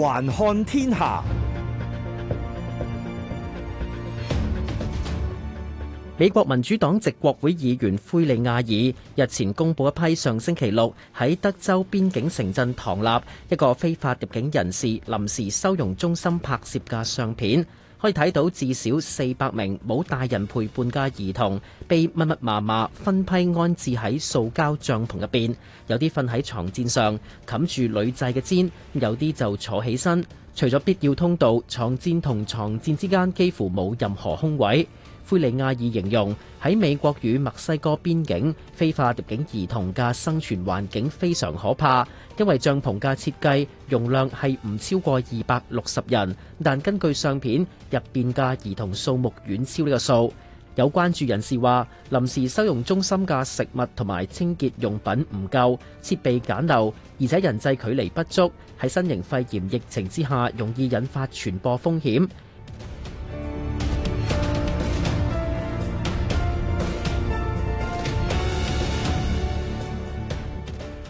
環看天下，美國民主黨籍國會議員灰利亞爾日前公布一批上星期六喺德州邊境城鎮唐納一個非法入境人士臨時收容中心拍攝嘅相片。可以睇到至少四百名冇大人陪伴嘅兒童，被密密麻麻分批安置喺塑膠帳篷入邊，有啲瞓喺牀墊上，冚住女仔嘅氈，有啲就坐起身。除咗必要通道，牀墊同牀墊之間幾乎冇任何空位。灰利亞爾形容喺美國與墨西哥邊境非法入境兒童嘅生存環境非常可怕，因為帳篷嘅設計容量係唔超過二百六十人，但根據相片入邊嘅兒童數目遠超呢個數。有關注人士話，臨時收容中心嘅食物同埋清潔用品唔夠，設備簡陋，而且人際距離不足，喺新型肺炎疫情之下，容易引發傳播風險。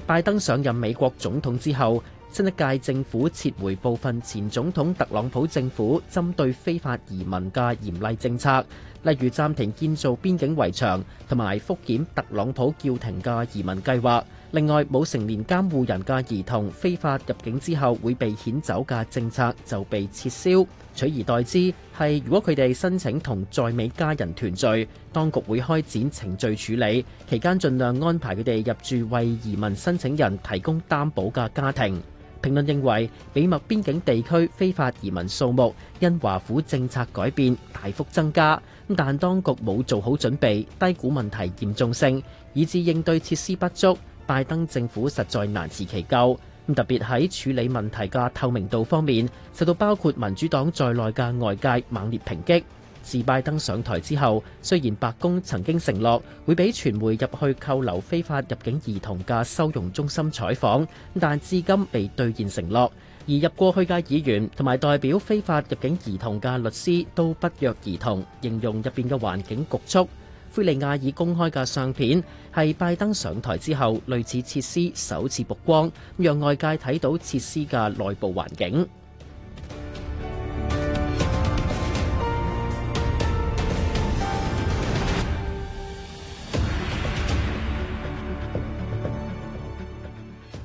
拜登上任美國總統之後，新一屆政府撤回部分前總統特朗普政府針對非法移民嘅嚴厲政策，例如暫停建造邊境圍牆同埋復檢特朗普叫停嘅移民計劃。另外，冇成年監護人嘅兒童非法入境之後，會被遣走嘅政策就被撤銷，取而代之係如果佢哋申請同在美家人團聚，當局會開展程序處理，期間盡量安排佢哋入住為移民申請人提供擔保嘅家庭。評論認為，美墨邊境地區非法移民數目因華府政策改變大幅增加，但當局冇做好準備，低估問題嚴重性，以致應對設施不足。拜登政府實在難辭其咎，咁特別喺處理問題嘅透明度方面，受到包括民主黨在內嘅外界猛烈抨擊。自拜登上台之後，雖然白宮曾經承諾會俾傳媒入去扣留非法入境兒童嘅收容中心採訪，但至今未兌現承諾。而入過去嘅議員同埋代表非法入境兒童嘅律師都不約而同形容入邊嘅環境局促。菲利亞爾公開嘅相片係拜登上台之後，類似設施首次曝光，讓外界睇到設施嘅內部環境。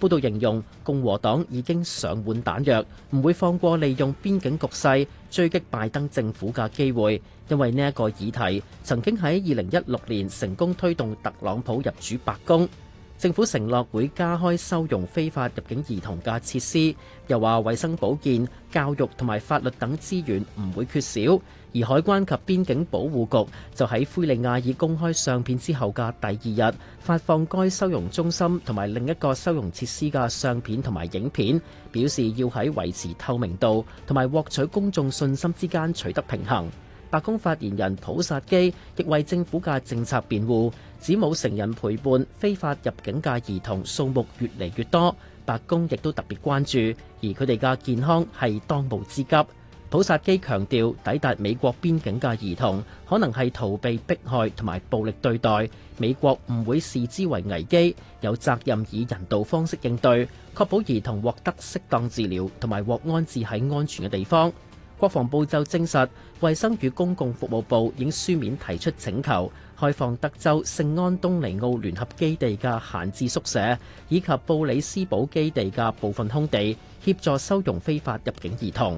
報道形容共和黨已經上滿彈藥，唔會放過利用邊境局勢追擊拜登政府嘅機會，因為呢一個議題曾經喺二零一六年成功推動特朗普入主白宮。政府承諾會加開收容非法入境兒童嘅設施，又話衛生保健、教育同埋法律等資源唔會缺少。而海關及邊境保護局就喺灰利亞爾公開相片之後嘅第二日，發放該收容中心同埋另一個收容設施嘅相片同埋影片，表示要喺維持透明度同埋獲取公眾信心之間取得平衡。白宮發言人普薩基亦為政府嘅政策辯護，指冇成人陪伴非法入境嘅兒童數目越嚟越多，白宮亦都特別關注，而佢哋嘅健康係當務之急。普薩基強調，抵達美國邊境嘅兒童可能係逃避迫害同埋暴力對待，美國唔會視之為危機，有責任以人道方式應對，確保兒童獲得適當治療同埋獲安置喺安全嘅地方。國防部就證實，衛生與公共服務部已經書面提出請求，開放德州聖安東尼奧聯合基地嘅閒置宿舍，以及布里斯堡基地嘅部分空地，協助收容非法入境兒童。